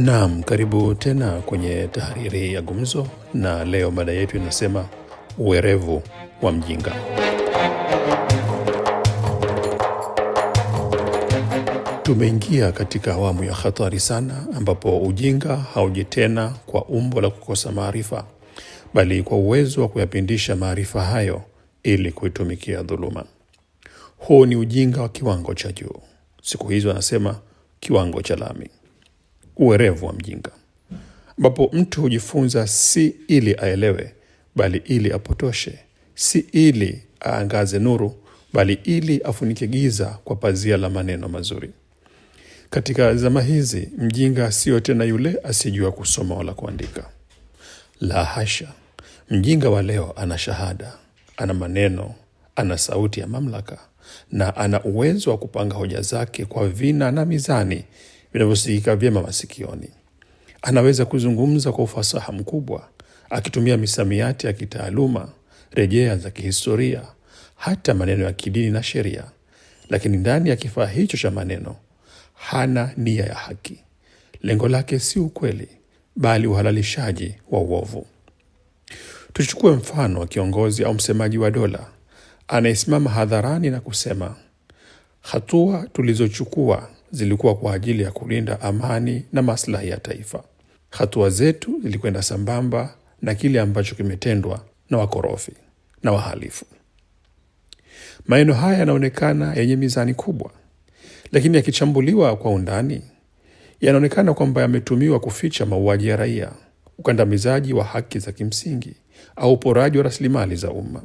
Naam, karibu tena kwenye tahariri ya Gumzo, na leo mada yetu inasema uwerevu wa mjinga. Tumeingia katika awamu ya hatari sana, ambapo ujinga hauji tena kwa umbo la kukosa maarifa, bali kwa uwezo wa kuyapindisha maarifa hayo ili kuitumikia dhuluma. Huu ni ujinga wa kiwango cha juu, siku hizi wanasema kiwango cha lami uwerevu wa mjinga, ambapo mtu hujifunza si ili aelewe, bali ili apotoshe, si ili aangaze nuru, bali ili afunike giza kwa pazia la maneno mazuri. Katika zama hizi, mjinga asiyo tena yule asijua kusoma wala kuandika. La hasha! Mjinga wa leo ana shahada, ana maneno, ana sauti ya mamlaka na ana uwezo wa kupanga hoja zake kwa vina na mizani vinavyosikika vyema masikioni. Anaweza kuzungumza kwa ufasaha mkubwa akitumia misamiati ya kitaaluma, rejea za kihistoria, hata maneno ya kidini na sheria, lakini ndani ya kifaa hicho cha maneno hana nia ya haki. Lengo lake si ukweli, bali uhalalishaji wa uovu. Tuchukue mfano wa kiongozi au msemaji wa dola anayesimama hadharani na kusema hatua tulizochukua zilikuwa kwa ajili ya kulinda amani na maslahi ya taifa. Hatua zetu zilikwenda sambamba na kile ambacho kimetendwa na wakorofi na wahalifu. Maneno haya yanaonekana yenye mizani kubwa, lakini yakichambuliwa kwa undani yanaonekana kwamba yametumiwa kuficha mauaji ya raia, ukandamizaji wa haki za kimsingi, au uporaji wa rasilimali za umma.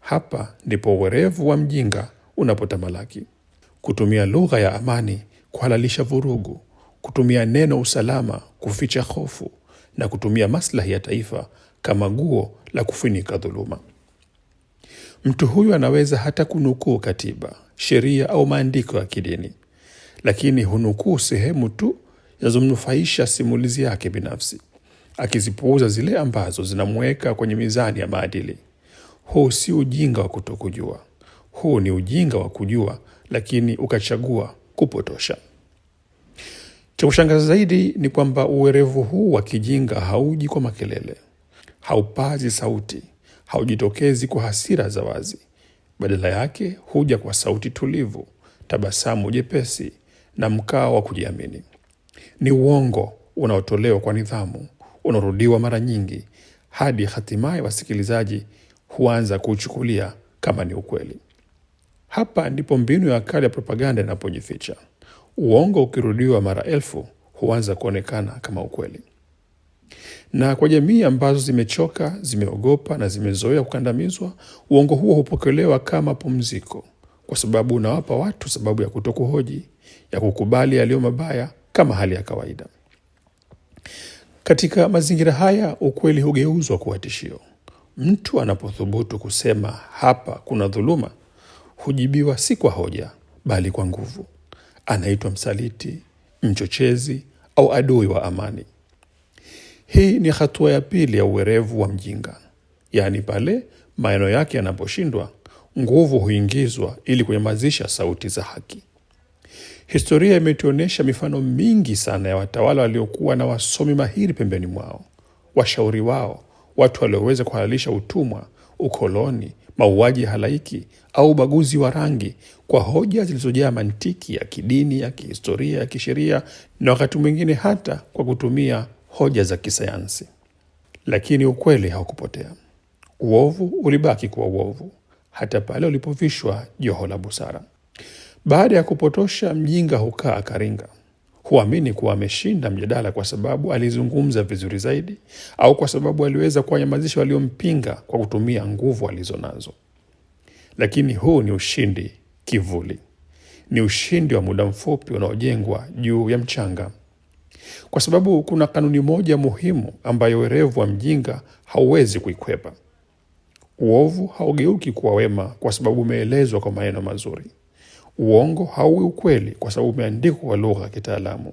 Hapa ndipo uwerevu wa mjinga unapotamalaki kutumia lugha ya amani kuhalalisha vurugu, kutumia neno usalama kuficha hofu na kutumia maslahi ya taifa kama guo la kufunika dhuluma. Mtu huyu anaweza hata kunukuu katiba, sheria au maandiko ya kidini, lakini hunukuu sehemu tu zinazomnufaisha simulizi yake binafsi, akizipuuza zile ambazo zinamuweka kwenye mizani ya maadili. Huu si ujinga wa kutokujua, huu ni ujinga wa kujua, lakini ukachagua kupotosha. Cha kushangaza zaidi ni kwamba uwerevu huu wa kijinga hauji kwa makelele, haupazi sauti, haujitokezi kwa hasira za wazi. Badala yake huja kwa sauti tulivu, tabasamu jepesi na mkao wa kujiamini. Ni uongo unaotolewa kwa nidhamu, unaorudiwa mara nyingi hadi hatimaye wasikilizaji huanza kuuchukulia kama ni ukweli. Hapa ndipo mbinu ya kali ya propaganda inapojificha. Uongo ukirudiwa mara elfu huanza kuonekana kama ukweli. Na kwa jamii ambazo zimechoka, zimeogopa na zimezoea kukandamizwa, uongo huo hupokelewa kama pumziko, kwa sababu unawapa watu sababu ya kutokuhoji, ya kukubali yaliyo mabaya kama hali ya kawaida. Katika mazingira haya, ukweli hugeuzwa kuwa tishio. Mtu anapothubutu kusema hapa kuna dhuluma, hujibiwa si kwa hoja, bali kwa nguvu. Anaitwa msaliti, mchochezi au adui wa amani. Hii ni hatua ya pili ya uwerevu wa mjinga, yaani pale maeneo yake yanaposhindwa, nguvu huingizwa ili kunyamazisha sauti za haki. Historia imetuonyesha mifano mingi sana ya watawala waliokuwa na wasomi mahiri pembeni mwao, washauri wao, watu walioweza kuhalalisha utumwa ukoloni, mauaji ya halaiki au ubaguzi wa rangi, kwa hoja zilizojaa mantiki ya kidini, ya kihistoria, ya kisheria na wakati mwingine hata kwa kutumia hoja za kisayansi. Lakini ukweli haukupotea. Uovu ulibaki kuwa uovu hata pale ulipovishwa joho la busara. Baada ya kupotosha, mjinga hukaa karinga huamini kuwa ameshinda mjadala kwa sababu alizungumza vizuri zaidi au kwa sababu aliweza kuwanyamazisha waliompinga kwa kutumia nguvu alizonazo. Lakini huu ni ushindi kivuli, ni ushindi wa muda mfupi unaojengwa juu ya mchanga, kwa sababu kuna kanuni moja muhimu ambayo werevu wa mjinga hauwezi kuikwepa: uovu haugeuki kuwa wema kwa sababu umeelezwa kwa maneno mazuri. Uongo hauwi ukweli kwa sababu umeandikwa kwa lugha ya kitaalamu,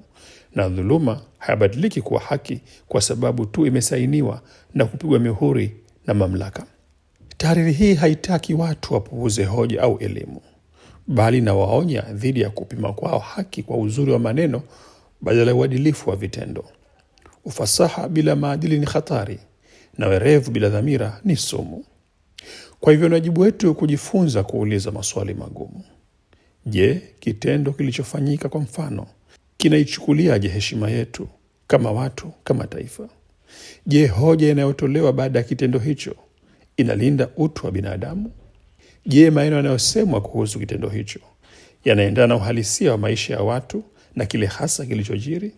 na dhuluma hayabadiliki kuwa haki kwa sababu tu imesainiwa na kupigwa mihuri na mamlaka. Tahariri hii haitaki watu wapuuze hoja au elimu, bali nawaonya dhidi ya kupima kwao haki kwa uzuri wa maneno badala ya uadilifu wa vitendo. Ufasaha bila maadili ni hatari, na werevu bila dhamira ni sumu. Kwa hivyo, ni wajibu wetu kujifunza kuuliza maswali magumu. Je, kitendo kilichofanyika kwa mfano kinaichukuliaje heshima yetu kama watu, kama taifa? Je, hoja inayotolewa baada ya kitendo hicho inalinda utu wa binadamu? Je, maneno yanayosemwa kuhusu kitendo hicho yanaendana na uhalisia wa maisha ya watu na kile hasa kilichojiri,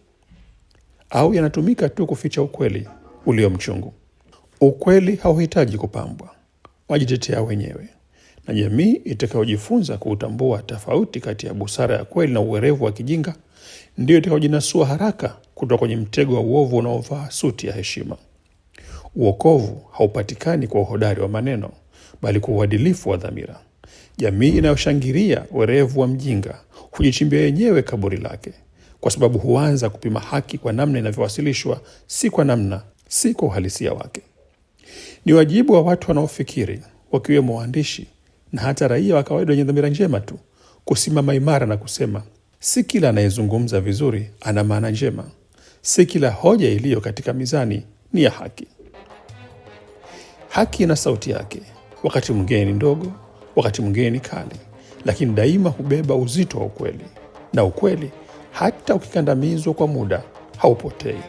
au yanatumika tu kuficha ukweli ulio mchungu? Ukweli hauhitaji kupambwa, wajitetea wenyewe na jamii itakayojifunza kuutambua tofauti kati ya busara ya kweli na uwerevu wa kijinga ndiyo itakayojinasua haraka kutoka kwenye mtego wa uovu unaovaa suti ya heshima. Uokovu haupatikani kwa uhodari wa maneno, bali kwa uadilifu wa dhamira. Jamii inayoshangilia werevu wa mjinga hujichimbia yenyewe kaburi lake, kwa sababu huanza kupima haki kwa namna inavyowasilishwa, si kwa namna, si kwa uhalisia wake. Ni wajibu wa watu wanaofikiri, wakiwemo waandishi, na hata raia wa kawaida wenye dhamira njema tu kusimama imara na kusema si kila anayezungumza vizuri ana maana njema, si kila hoja iliyo katika mizani ni ya haki. Haki ina sauti yake, wakati mwingine ni ndogo, wakati mwingine ni kali, lakini daima hubeba uzito wa ukweli. Na ukweli, hata ukikandamizwa kwa muda, haupotei,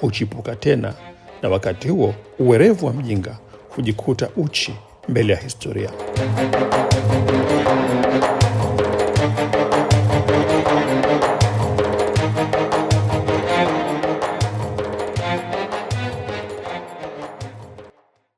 huchipuka tena, na wakati huo uwerevu wa mjinga hujikuta uchi bella historia.